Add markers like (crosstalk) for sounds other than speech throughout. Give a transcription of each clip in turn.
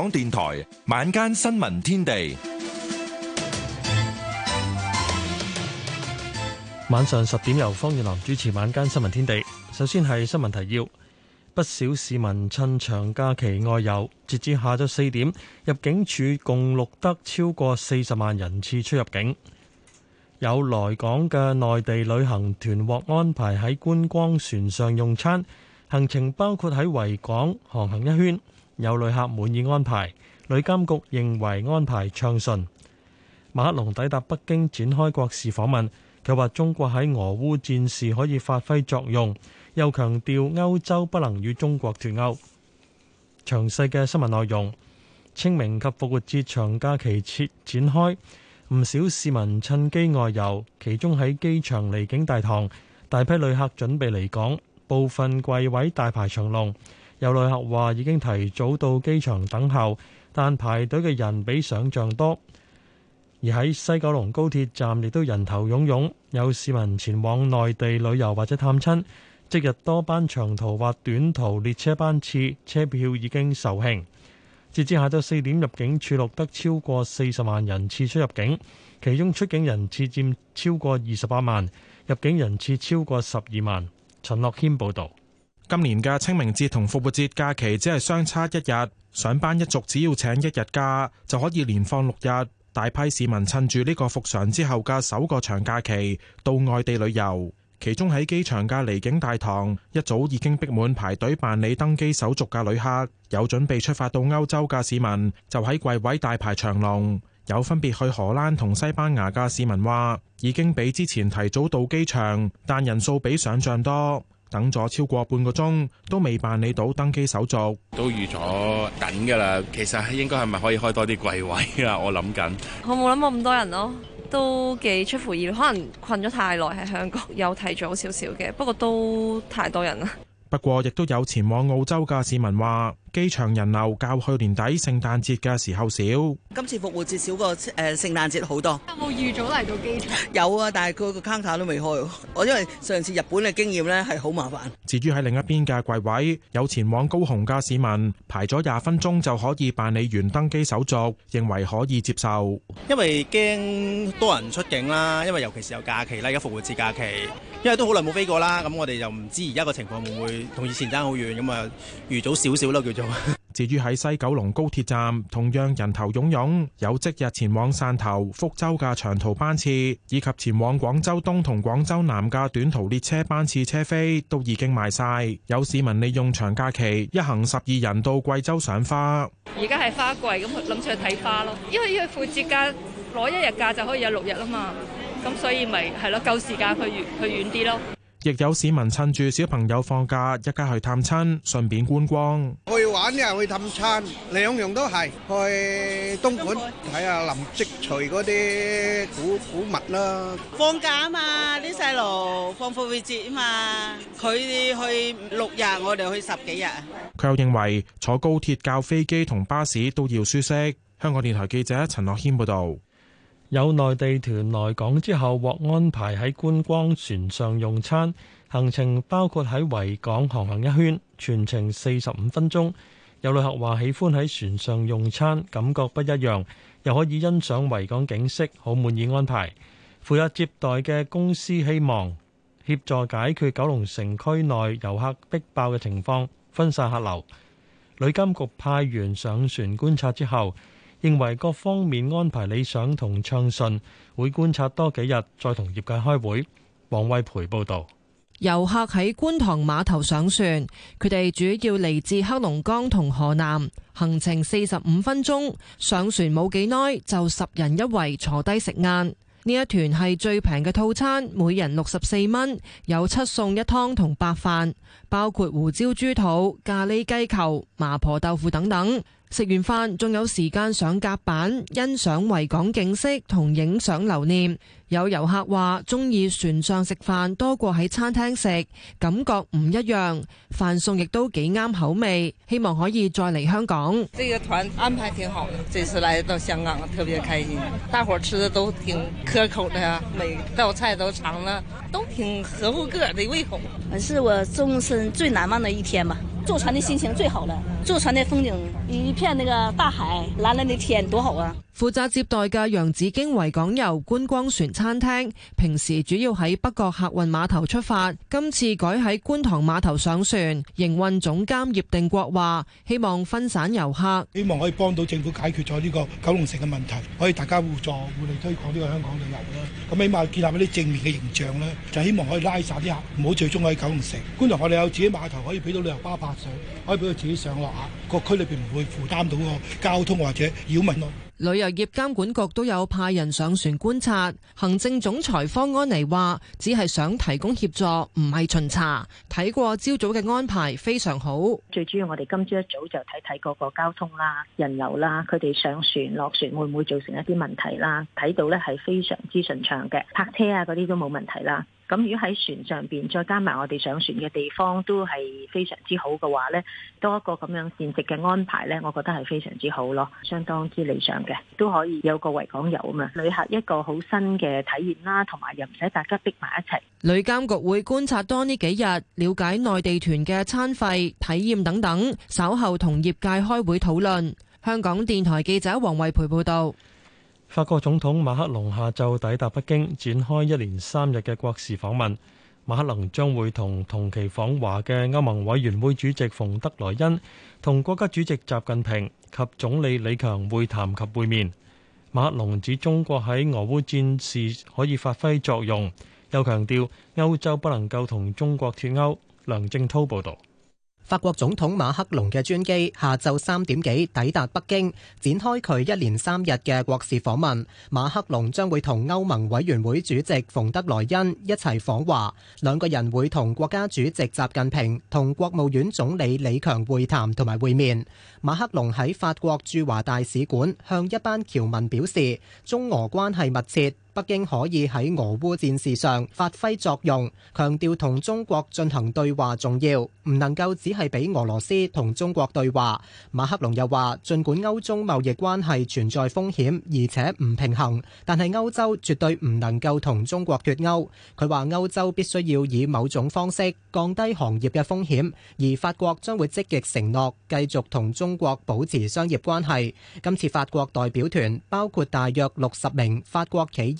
港電台晚間新聞天地，晚上十點由方月南主持晚間新聞天地。首先係新聞提要，不少市民趁長假期外遊，截至下晝四點，入境處共錄得超過四十萬人次出入境。有來港嘅內地旅行團獲安排喺觀光船上用餐，行程包括喺維港航行一圈。有旅客滿意安排，旅監局認為安排暢順。馬克龍抵達北京，展開國事訪問。佢話中國喺俄烏戰事可以發揮作用，又強調歐洲不能與中國脫歐。詳細嘅新聞內容，清明及復活節長假期設展開，唔少市民趁機外遊。其中喺機場離境大堂，大批旅客準備離港，部分櫃位大排長龍。有旅客話已經提早到機場等候，但排隊嘅人比想像多。而喺西九龍高鐵站亦都人頭湧湧，有市民前往內地旅遊或者探親。即日多班長途或短途列車班次，車票已經售罄。截至下晝四點，入境處錄得超過四十萬人次出入境，其中出境人次佔超過二十八萬，入境人次超過十二萬。陳樂軒報導。今年嘅清明節同復活節假期只係相差一日，上班一族只要請一日假就可以連放六日。大批市民趁住呢個復常之後嘅首個長假期到外地旅遊，其中喺機場嘅離境大堂一早已經逼滿排隊辦理登機手續嘅旅客。有準備出發到歐洲嘅市民就喺櫃位大排長龍。有分別去荷蘭同西班牙嘅市民話，已經比之前提早到機場，但人數比想象多。等咗超過半個鐘，都未辦理到登機手續，都預咗等㗎啦。其實應該係咪可以開多啲櫃位啊？我諗緊。我冇諗過咁多人咯，都幾出乎意料。可能困咗太耐喺香港，又提早少少嘅，不過都太多人啦。不過，亦都有前往澳洲嘅市民話。機場人流較去年底聖誕節嘅時候少。今次復活節少過誒聖誕節好多。有冇預早嚟到機場？有啊，但係但係佢個 counter 都未開喎。我因為上次日本嘅經驗呢，係好麻煩。至於喺另一邊嘅櫃位，有前往高雄嘅市民排咗廿分鐘就可以辦理完登機手續，認為可以接受。因為驚多人出境啦，因為尤其是有假期啦，而家復活節假期，因為都好耐冇飛過啦，咁我哋就唔知而家個情況會唔會同以前爭好遠，咁啊預早少少啦叫做。至於喺西九龍高鐵站，同樣人頭涌涌，有即日前往汕頭、福州嘅長途班次，以及前往廣州東同廣州南嘅短途列車班次車飛都已經賣晒。有市民利用長假期一行十二人到貴州賞花。而家係花季，咁諗住去睇花咯。因為依個復活節攞一日假就可以有六日吖嘛，咁所以咪係咯，夠時間去遠去遠啲咯。亦有市民趁住小朋友放假，一家去探親，順便觀光。去玩又去探親，兩樣都係去東莞睇下海林則徐嗰啲古古物啦，啊啊。放假啊嘛，啲細路放復活節啊嘛。佢哋去六日，我哋去十幾日。佢又認為坐高鐵，較飛機同巴士都要舒適。香港電台記者陳樂謙報道。有內地團來港之後，獲安排喺觀光船上用餐，行程包括喺維港航行一圈，全程四十五分鐘。有旅客話喜歡喺船上用餐，感覺不一樣，又可以欣賞維港景色，好滿意安排。負責接待嘅公司希望協助解決九龍城區內遊客逼爆嘅情況，分散客流。旅監局派員上船觀察之後，認為各方面安排理想同暢順，會觀察多幾日再同業界開會。黃惠培報道。遊客喺觀塘碼頭上船，佢哋主要嚟自黑龍江同河南，行程四十五分鐘。上船冇幾耐就十人一圍坐低食晏。呢一團係最平嘅套餐，每人六十四蚊，有七餸一湯同白飯，包括胡椒豬肚、咖喱雞球、麻婆豆腐等等。食完飯仲有時間上甲板欣賞維港景色同影相留念。有遊客話：中意船上食飯多過喺餐廳食，感覺唔一樣。飯餸亦都幾啱口味，希望可以再嚟香港。呢個團安排挺好的，這次來到香港特別開心，大伙吃的都挺可口的，每道菜都嘗了，都挺合乎個的胃口。係我終身最難忘的一天吧。坐船的心情最好了，坐船的風景一片那個大海，藍藍的天，多好啊！負責接待嘅洋紫荊維港遊觀光船餐廳，平時主要喺北角客運碼頭出發，今次改喺觀塘碼頭上船。營運總監葉定國話：希望分散遊客，希望可以幫到政府解決咗呢個九龍城嘅問題，可以大家互助，互利推廣呢個香港旅遊啦。咁起碼建立一啲正面嘅形象咧，就希望可以拉晒啲客，唔好最終喺九龍城觀塘。我哋有自己碼頭，可以俾到旅遊巴泊水，可以俾佢自己上落客，個區裏邊唔會負擔到個交通或者擾民咯。旅遊業監管局都有派人上船觀察，行政總裁方安妮話：只係想提供協助，唔係巡查。睇過朝早嘅安排，非常好。最主要我哋今朝一早就睇睇嗰個交通啦、人流啦，佢哋上船落船會唔會造成一啲問題啦？睇到咧係非常之順暢嘅，泊車啊嗰啲都冇問題啦。咁如果喺船上邊再加埋我哋上船嘅地方都係非常之好嘅話呢，多一個咁樣膳食嘅安排呢，我覺得係非常之好咯，相當之理想嘅，都可以有個維港遊啊嘛，旅客一個好新嘅體驗啦，同埋又唔使大家逼埋一齊。旅監局會觀察多呢幾日，了解內地團嘅餐費、體驗等等，稍後同業界開會討論。香港電台記者黃慧培報道。法國總統馬克龍下晝抵達北京，展開一連三日嘅國事訪問。馬克龍將會同同期訪華嘅歐盟委員會主席馮德萊恩、同國家主席習近平及總理李強會談及會面。馬克龍指中國喺俄烏戰事可以發揮作用，又強調歐洲不能夠同中國脫歐。梁正濤報道。法國總統馬克龍嘅專機下晝三點幾抵達北京，展開佢一連三日嘅國事訪問。馬克龍將會同歐盟委員會主席馮德萊恩一齊訪華，兩個人會同國家主席習近平、同國務院總理李強會談同埋會面。馬克龍喺法國駐華大使館向一班僑民表示，中俄關係密切。北京可以喺俄烏戰事上發揮作用，強調同中國進行對話重要，唔能夠只係俾俄羅斯同中國對話。馬克龍又話，儘管歐中貿易關係存在風險，而且唔平衡，但係歐洲絕對唔能夠同中國脫歐。佢話歐洲必須要以某種方式降低行業嘅風險，而法國將會積極承諾繼續同中國保持商業關係。今次法國代表團包括大約六十名法國企業。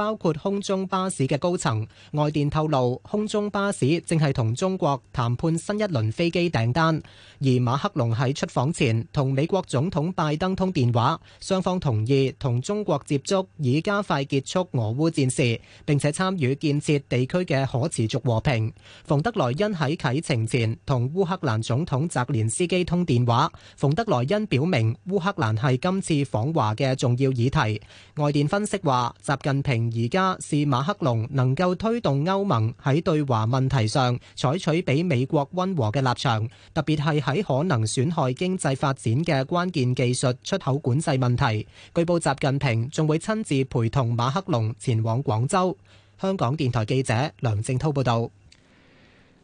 包括空中巴士嘅高層，外電透露空中巴士正係同中國談判新一輪飛機訂單。而馬克龍喺出訪前同美國總統拜登通電話，雙方同意同中國接觸，以加快結束俄烏戰事，並且參與建設地區嘅可持續和平。馮德萊恩喺啟程前同烏克蘭總統澤連斯基通電話，馮德萊恩表明烏克蘭係今次訪華嘅重要議題。外電分析話，習近平。而家是馬克龍能夠推動歐盟喺對華問題上採取比美國温和嘅立場，特別係喺可能損害經濟發展嘅關鍵技術出口管制問題。據報習近平仲會親自陪同馬克龍前往廣州。香港電台記者梁正滔報道，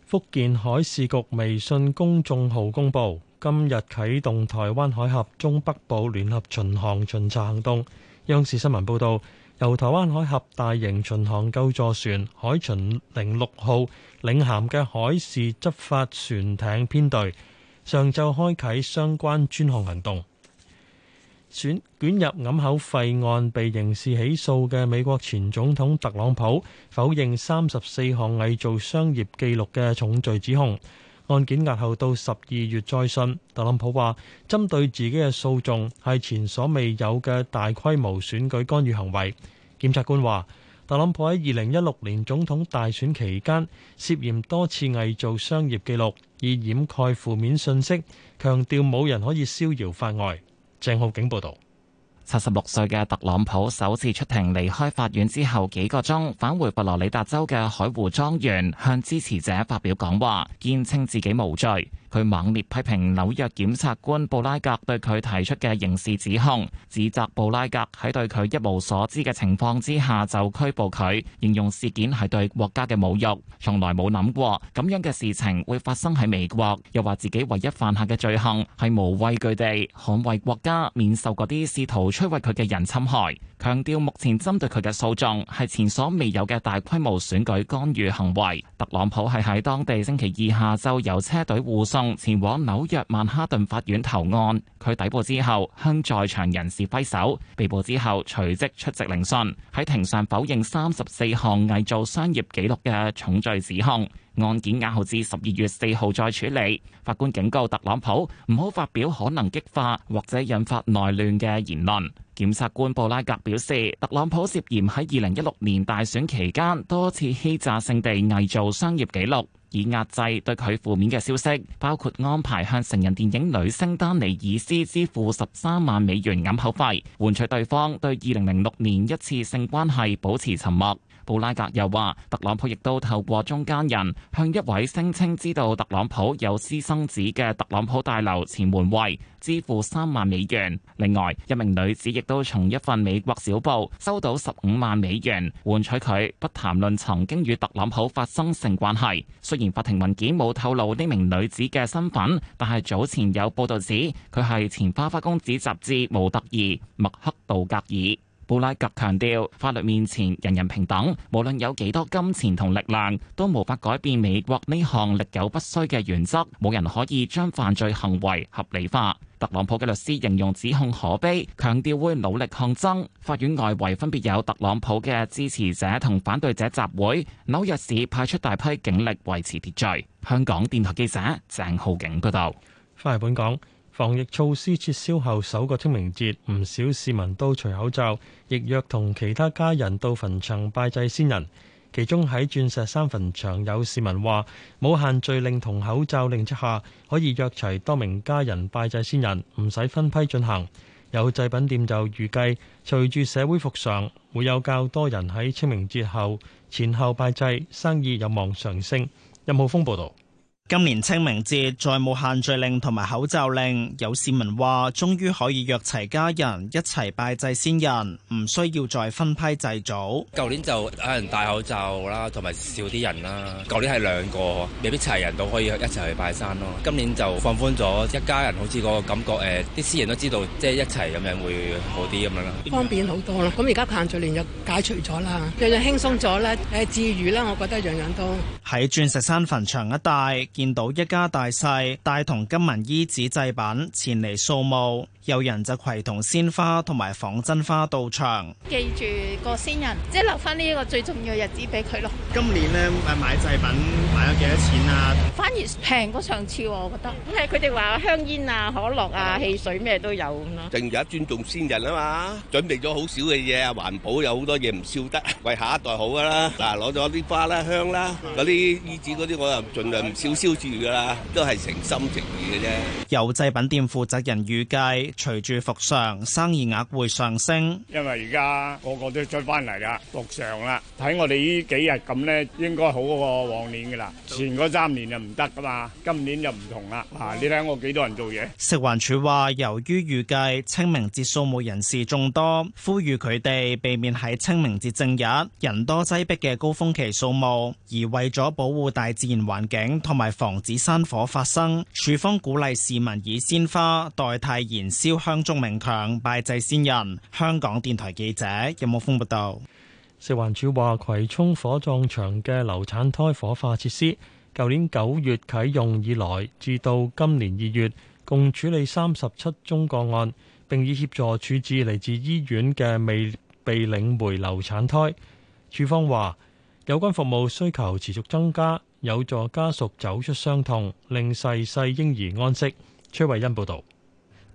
福建海事局微信公眾號公佈，今日啟動台灣海峽中北部聯合巡航、巡航、巡查行動。央視新聞報道。由台灣海峽大型巡航救助船海巡零六號領銜嘅海事執法船艇編隊，上晝開啓相關專項行動。捲捲入暗口費案被刑事起訴嘅美國前總統特朗普，否認三十四項偽造商業記錄嘅重罪指控。案件押後到十二月再訊，特朗普話針對自己嘅訴訟係前所未有嘅大規模選舉干預行為，檢察官話特朗普喺二零一六年總統大選期間涉嫌多次偽造商業記錄，以掩蓋負面信息，強調冇人可以逍遙法外。鄭浩景報道。七十六歲嘅特朗普首次出庭，離開法院之後幾個鐘，返回佛羅里達州嘅海湖莊園，向支持者發表講話，堅稱自己無罪。佢猛烈批評紐約檢察官布拉格對佢提出嘅刑事指控，指責布拉格喺對佢一無所知嘅情況之下就拘捕佢，形容事件係對國家嘅侮辱，從來冇諗過咁樣嘅事情會發生喺美國。又話自己唯一犯下嘅罪行係無畏懼地捍衛國家，免受嗰啲試圖摧毀佢嘅人侵害。強調目前針對佢嘅訴訟係前所未有嘅大規模選舉干預行為。特朗普係喺當地星期二下晝有車隊護送，前往紐約曼哈頓法院投案，佢抵捕之後向在場人士揮手，被捕之後隨即出席聆訊，喺庭上否認三十四項偽造商業記錄嘅重罪指控。案件押後至十二月四號再處理。法官警告特朗普唔好發表可能激化或者引發內亂嘅言論。檢察官布拉格表示，特朗普涉嫌喺二零一六年大選期間多次欺詐性地偽造商業記錄。以壓制對佢負面嘅消息，包括安排向成人電影女星丹尼爾斯支付十三萬美元掩口費，換取對方對二零零六年一次性關係保持沉默。布拉格又話，特朗普亦都透過中間人向一位聲稱知道特朗普有私生子嘅特朗普大樓前門衞支付三萬美元。另外，一名女子亦都從一份美國小報收到十五萬美元，換取佢不談論曾經與特朗普發生性關係。雖然法庭文件冇透露呢名女子嘅身份，但係早前有報導指佢係前花花公子雜誌模特兒麥克道格爾。布拉格強調，法律面前人人平等，無論有幾多金錢同力量，都無法改變美國呢項歷久不衰嘅原則，冇人可以將犯罪行為合理化。特朗普嘅律師形容指控可悲，強調會努力抗爭。法院外圍分別有特朗普嘅支持者同反對者集會，紐約市派出大批警力維持秩序。香港電台記者鄭浩景報導。翻嚟本港。防疫措施撤銷後首個清明節，唔少市民都除口罩，亦約同其他家人到墳場拜祭先人。其中喺鑽石山墳場有市民話，冇限聚令同口罩令之下，可以約齊多名家人拜祭先人，唔使分批進行。有祭品店就預計隨住社會復常，會有較多人喺清明節後前後拜祭，生意有望上升。任浩峰報道。今年清明節再冇限聚令同埋口罩令，有市民話終於可以約齊家人一齊拜祭先人，唔需要再分批祭祖。舊年就有人戴口罩啦，同埋少啲人啦。舊年係兩個，未必齊人都可以一齊去拜山咯。今年就放寬咗，一家人好似個感覺誒，啲、哎、私人都知道，即係一齊咁樣會好啲咁樣啦，方便好多啦。咁而家限聚令又解除咗啦，樣樣輕鬆咗啦。誒的，至於啦，我覺得樣樣都喺鑽石山墳場一帶。見到一家大細帶同金銀衣紙製品前嚟掃墓。有人就攜同鮮花同埋仿真花到場，記住個先人，即係留翻呢一個最重要日子俾佢咯。今年咧買祭品買咗幾多錢啊？反而平過上次喎，我覺得。咁係佢哋話香煙啊、可樂啊、汽水咩都有咁咯。仲有尊重先人啊嘛，準備咗好少嘅嘢啊，環保有好多嘢唔燒得，為下一代好噶啦。嗱，攞咗啲花啦、香啦，嗰啲衣紙嗰啲，我又儘量少燒住噶啦，都係誠心正意嘅啫。有祭品店負責人預計，隨住復常，生意額會上升。因為而家個個都出翻嚟啦，復常啦。睇我哋呢幾日咁呢，應該好過往年噶啦。前嗰三年就唔得噶嘛，今年就唔同啦。啊，你睇我幾多人做嘢？食環署話，由於預計清明節掃墓人士眾多，呼籲佢哋避免喺清明節正日人多擠迫嘅高峰期掃墓，而為咗保護大自然環境同埋防止山火發生，署方鼓勵市民以鮮花代替燃燒。朝向鍾明強拜祭先人，香港電台記者任木峰報道。食環署話，葵涌火葬場嘅流產胎火化設施，舊年九月啟用以來，至到今年二月，共處理三十七宗個案，並已協助處置嚟自醫院嘅未被領回流產胎。署方話，有關服務需求持續增加，有助家屬走出傷痛，令逝世嬰兒安息。崔慧欣報道。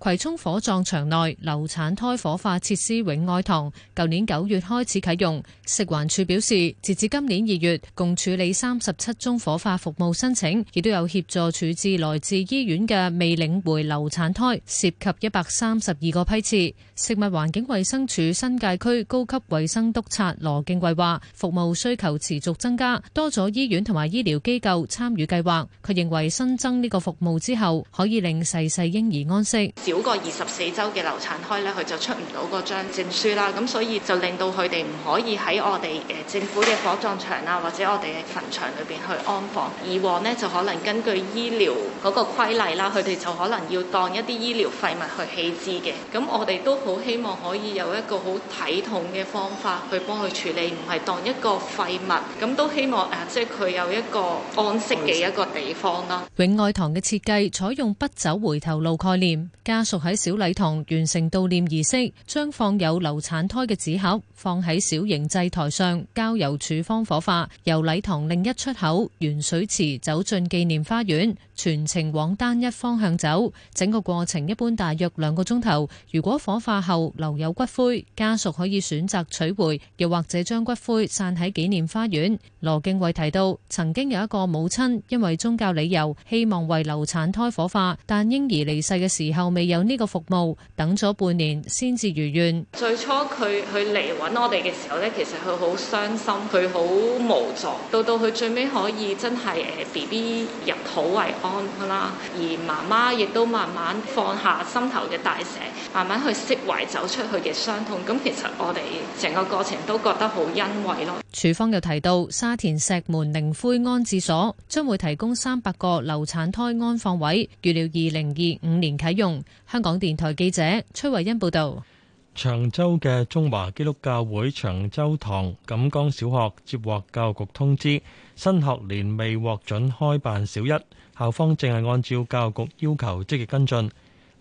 葵涌火葬場內流產胎火化設施永愛堂，舊年九月開始啟用。食環署表示，截至今年二月，共處理三十七宗火化服務申請，亦都有協助處置來自醫院嘅未領回流產胎，涉及一百三十二個批次。食物環境衛生署新界區高級衛生督察羅敬貴話，服務需求持續增加，多咗醫院同埋醫療機構參與計劃。佢認為新增呢個服務之後，可以令逝世嬰兒安息。少過二十四週嘅流產胎咧，佢就出唔到嗰張證書啦。咁所以就令到佢哋唔可以喺我哋誒政府嘅火葬場啊，或者我哋嘅墳場裏邊去安放。以往呢，就可能根據醫療嗰個規例啦，佢哋就可能要當一啲醫療廢物去棄置嘅。咁我哋都好希望可以有一個好體統嘅方法去幫佢處理，唔係當一個廢物。咁都希望誒，即係佢有一個安息嘅一個地方啦。永愛堂嘅設計採用不走回頭路概念。家屬喺小禮堂完成悼念儀式，將放有流產胎嘅紙盒，放喺小型祭台上，交由處方火化，由禮堂另一出口沿水池走進紀念花園，全程往單一方向走。整個過程一般大約兩個鐘頭。如果火化後留有骨灰，家屬可以選擇取回，又或者將骨灰散喺紀念花園。羅敬偉提到，曾經有一個母親因為宗教理由，希望為流產胎火化，但嬰兒離世嘅時候未有呢個服務，等咗半年先至如願。最初，佢佢嚟揾。我哋嘅時候咧，其實佢好傷心，佢好無助，到到佢最尾可以真係誒 B B 入土為安啦，而媽媽亦都慢慢放下心頭嘅大石，慢慢去釋懷走出去嘅傷痛。咁其實我哋成個過程都覺得好欣慰咯。署方又提到，沙田石門靈灰安置所將會提供三百個流產胎安放位，預料二零二五年啟用。香港電台記者崔慧欣報道。長洲嘅中華基督教會長洲堂錦江小學接獲教育局通知，新學年未獲准開辦小一，校方正係按照教育局要求積極跟進。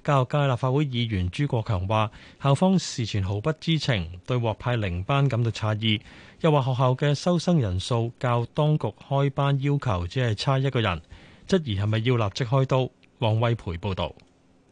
教育界立法會議員朱國強話：校方事前毫不知情，對獲派零班感到詫異，又話學校嘅收生人數較當局開班要求只係差一個人，質疑係咪要立即開刀。王惠培報道。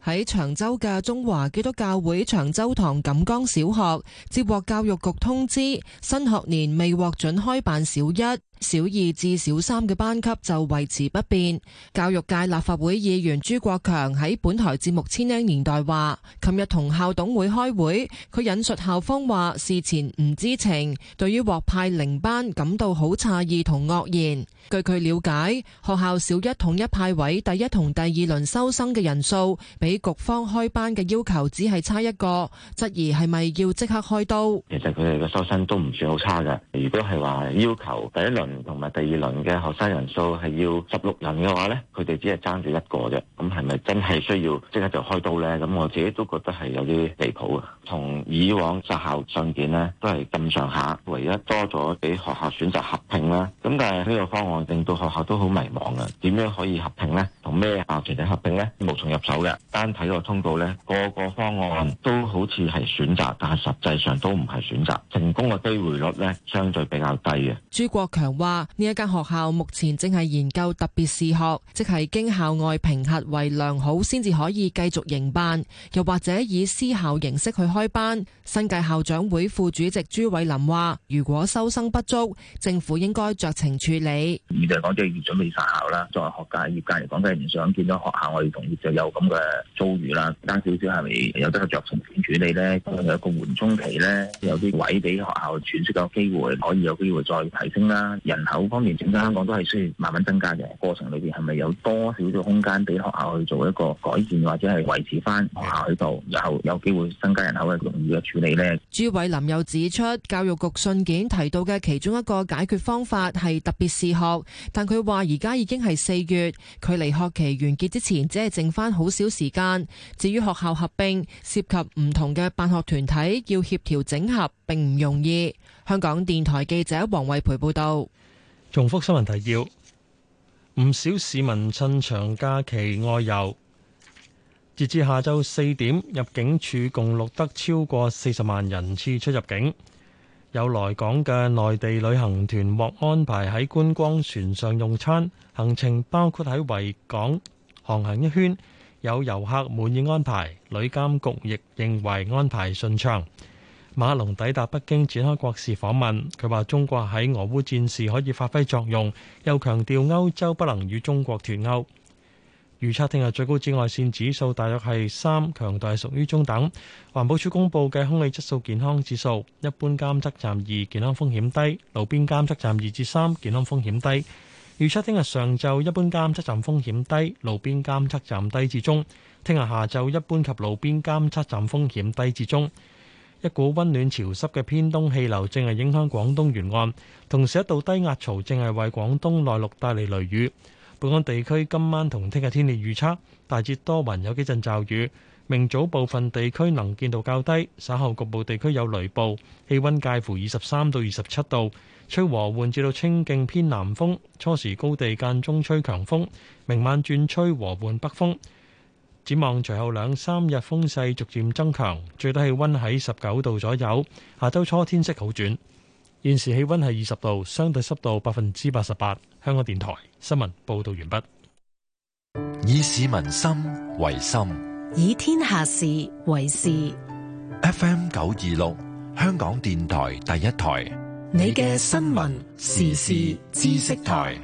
喺長洲嘅中華基督教會長洲堂錦江小學，接獲教育局通知，新學年未獲准開辦小一。小二至小三嘅班級就維持不變。教育界立法會議員朱國強喺本台節目《千禧年代》話，琴日同校董會開會，佢引述校方話事前唔知情，對於獲派零班感到好詫異同愕然。據佢了解，學校小一統一派位第一同第二輪收生嘅人數，比局方開班嘅要求只係差一個，質疑係咪要即刻開刀？其實佢哋嘅收生都唔算好差噶，如果係話要求第一輪。同埋第二輪嘅學生人數係要十六人嘅話呢，佢哋只係爭住一個啫。咁係咪真係需要即刻就開刀呢？咁我自己都覺得係有啲離譜啊。同以往擇校信件呢，都係咁上下，唯一多咗俾學校選擇合併啦。咁但係呢個方案令到學校都好迷茫啊。點樣可以合併呢？同咩校集體合併呢？無從入手嘅。單睇個通告呢，個個方案都好似係選擇，但係實際上都唔係選擇。成功嘅機會率呢，相對比較低嘅。朱國強。話呢一間學校目前正係研究特別視學，即係經校外評核為良好，先至可以繼續營辦，又或者以私校形式去開班。新界校長會副主席朱偉林話：如果收生不足，政府應該酌情處理。而家就講即係準備殺校啦。作為學界、業界嚟講，梗係唔想見到學校我哋同業就有咁嘅遭遇啦。差少少係咪有得酌情處理咧？可能有一個緩衝期咧，有啲位俾學校喘息嘅機會，可以有機會再提升啦。人口方面，整間香港都係需要慢慢增加嘅過程裡。裡邊，係咪有多少嘅空間俾學校去做一個改建或者係維持翻學校喺度，然後有機會增加人口嘅容易嘅處理咧？朱偉林又指出，教育局信件提到嘅其中一個解決方法係特別試學，但佢話而家已經係四月，距離學期完結之前，只係剩翻好少時間，至於學校合併涉及唔同嘅辦學團體要協調整合併唔容易。香港電台記者黃慧培報道。重複新聞提要，唔少市民趁長假期外遊，截至下晝四點，入境處共錄得超過四十萬人次出入境。有來港嘅內地旅行團獲安排喺觀光船上用餐，行程包括喺維港航行一圈，有遊客滿意安排，旅監局亦認為安排順暢。馬龍抵達北京展開國事訪問，佢話中國喺俄烏戰事可以發揮作用，又強調歐洲不能與中國脫歐。預測聽日最高紫外線指數大約係三，強度屬於中等。環保署公布嘅空氣質素健康指數，一般監測站二，健康風險低；路邊監測站二至三，3, 健康風險低。預測聽日上晝一般監測站風險低，路邊監測站低至中；聽日下晝一般及路邊監測站風險低至中。一股溫暖潮濕嘅偏東氣流正係影響廣東沿岸，同時一道低壓槽正係為廣東內陸帶嚟雷雨。本港地區今晚同聽日天氣預測，大致多雲有幾陣驟雨。明早部分地區能見度較低，稍後局部地區有雷暴。氣温介乎二十三到二十七度，吹和緩至到清勁偏南風，初時高地間中吹強風。明晚轉吹和緩北風。展望隨後兩三日風勢逐漸增強，最低氣温喺十九度左右。下周初天色好轉，現時氣温係二十度，相對濕度百分之八十八。香港電台新聞報道完畢。以市民心為心，以天下事為事。FM 九二六，香港電台第一台，你嘅新聞時事知識台。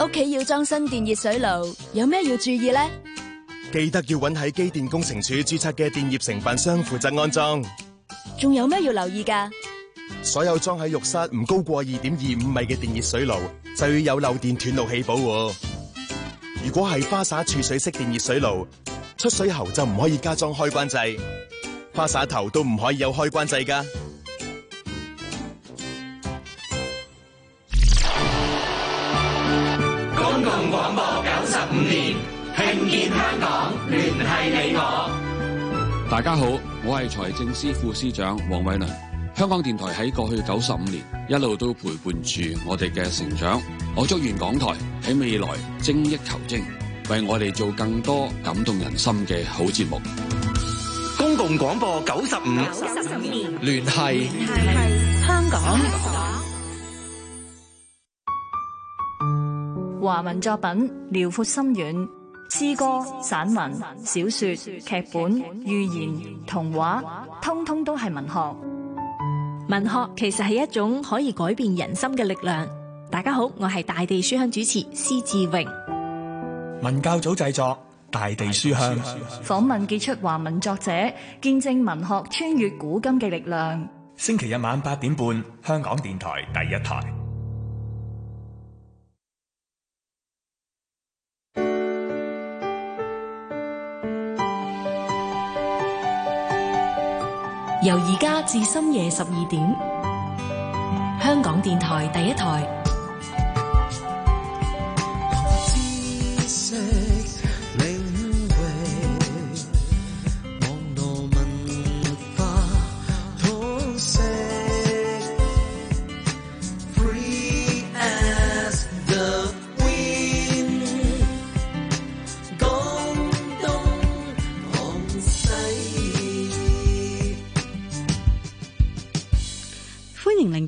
屋企要裝新電熱水爐，有咩要注意呢？記得要搵喺機電工程署註冊嘅電業承辦商負責安裝。仲有咩要留意噶？所有裝喺浴室唔高過二點二五米嘅電熱水爐，就要有漏電斷路器保護。如果係花灑儲水式電熱水爐，出水喉就唔可以加裝開關掣，花灑頭都唔可以有開關掣噶。五年慶建香港，聯繫你我。大家好，我係財政司副司長黃偉綸。香港電台喺過去九十五年一路都陪伴住我哋嘅成長，我祝願港台喺未來精益求精，為我哋做更多感動人心嘅好節目。公共廣播九十五年聯繫聯繫香港。華文作品遼闊深遠，詩歌、散文、小說、劇本、寓言、童話，通通都係文學。文學其實係一種可以改變人心嘅力量。大家好，我係大地書香主持施志榮。文教組製作，大地書香訪問傑出華文作者，見證文學穿越古今嘅力量。星期日晚八點半，30, 香港電台第一台。由而家至深夜十二點，香港電台第一台。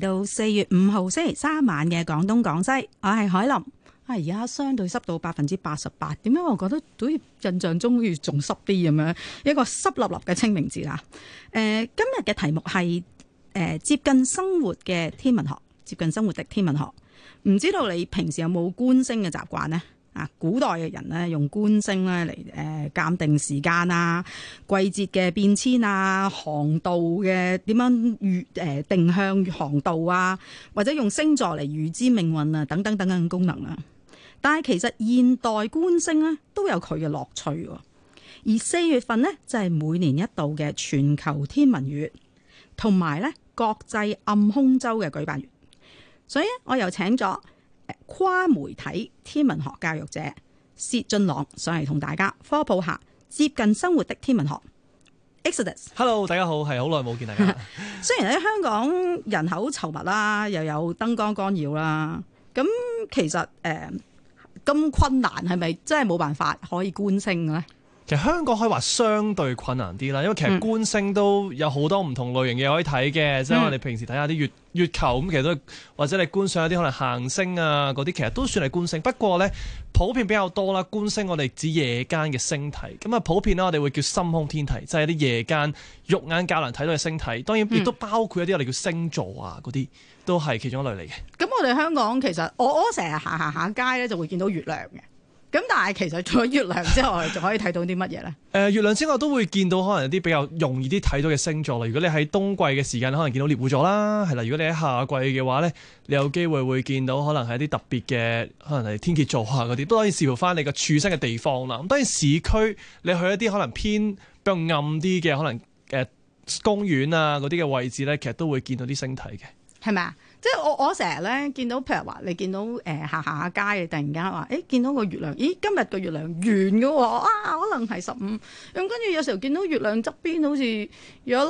到四月五號星期三晚嘅廣東廣西，我係海琳。啊，而家相對濕度百分之八十八，點解我覺得對印象中好似仲濕啲咁樣？一個濕立立嘅清明節啊！誒、呃，今日嘅題目係誒、呃、接近生活嘅天文學，接近生活的天文學。唔知道你平時有冇觀星嘅習慣呢？啊，古代嘅人咧用觀星咧嚟誒鑒定時間啊、季節嘅變遷啊、航道嘅點樣預誒、呃、定向航道啊，或者用星座嚟預知命運啊等等等等功能啦、啊。但係其實現代觀星咧都有佢嘅樂趣、啊。而四月份呢，就係、是、每年一度嘅全球天文月，同埋咧國際暗空周嘅舉辦月。所以咧，我又請咗。跨媒體天文學教育者薛俊朗上嚟同大家科普下接近生活的天文學。Exodus，hello，大家好，係好耐冇見大家。 (laughs) 雖然喺香港人口稠密啦，又有燈光干擾啦，咁其實誒咁、呃、困難係咪真係冇辦法可以觀星呢？其實香港可以話相對困難啲啦，因為其實觀星都有好多唔同類型嘅可以睇嘅，嗯、即係我哋平時睇下啲月月球咁，其實都或者你觀賞一啲可能行星啊嗰啲，其實都算係觀星。不過咧，普遍比較多啦。觀星我哋指夜間嘅星體，咁啊普遍啦，我哋會叫深空天體，即係啲夜間肉眼較難睇到嘅星體。當然亦都包括一啲我哋叫星座啊嗰啲，都係其中一類嚟嘅。咁、嗯、我哋香港其實我我成日行行行街咧，就會見到月亮嘅。咁但係其實除咗月亮之外，仲可以睇到啲乜嘢咧？誒、呃，月亮之外都會見到可能有啲比較容易啲睇到嘅星座啦。如果你喺冬季嘅時間，可能見到獵戶座啦，係啦。如果你喺夏季嘅話咧，你有機會會見到可能係一啲特別嘅，可能係天蠍座下嗰啲，都可以視乎翻你嘅處身嘅地方啦。當然市區，你去一啲可能偏比較暗啲嘅，可能誒、呃、公園啊嗰啲嘅位置咧，其實都會見到啲星體嘅，係咪啊？即係我我成日咧，見到譬如話你見到誒、呃、行行下街，突然間話誒，見到個月亮，咦今日個月亮圓嘅喎，啊可能係十五咁，跟住有時候見到月亮側邊好似有。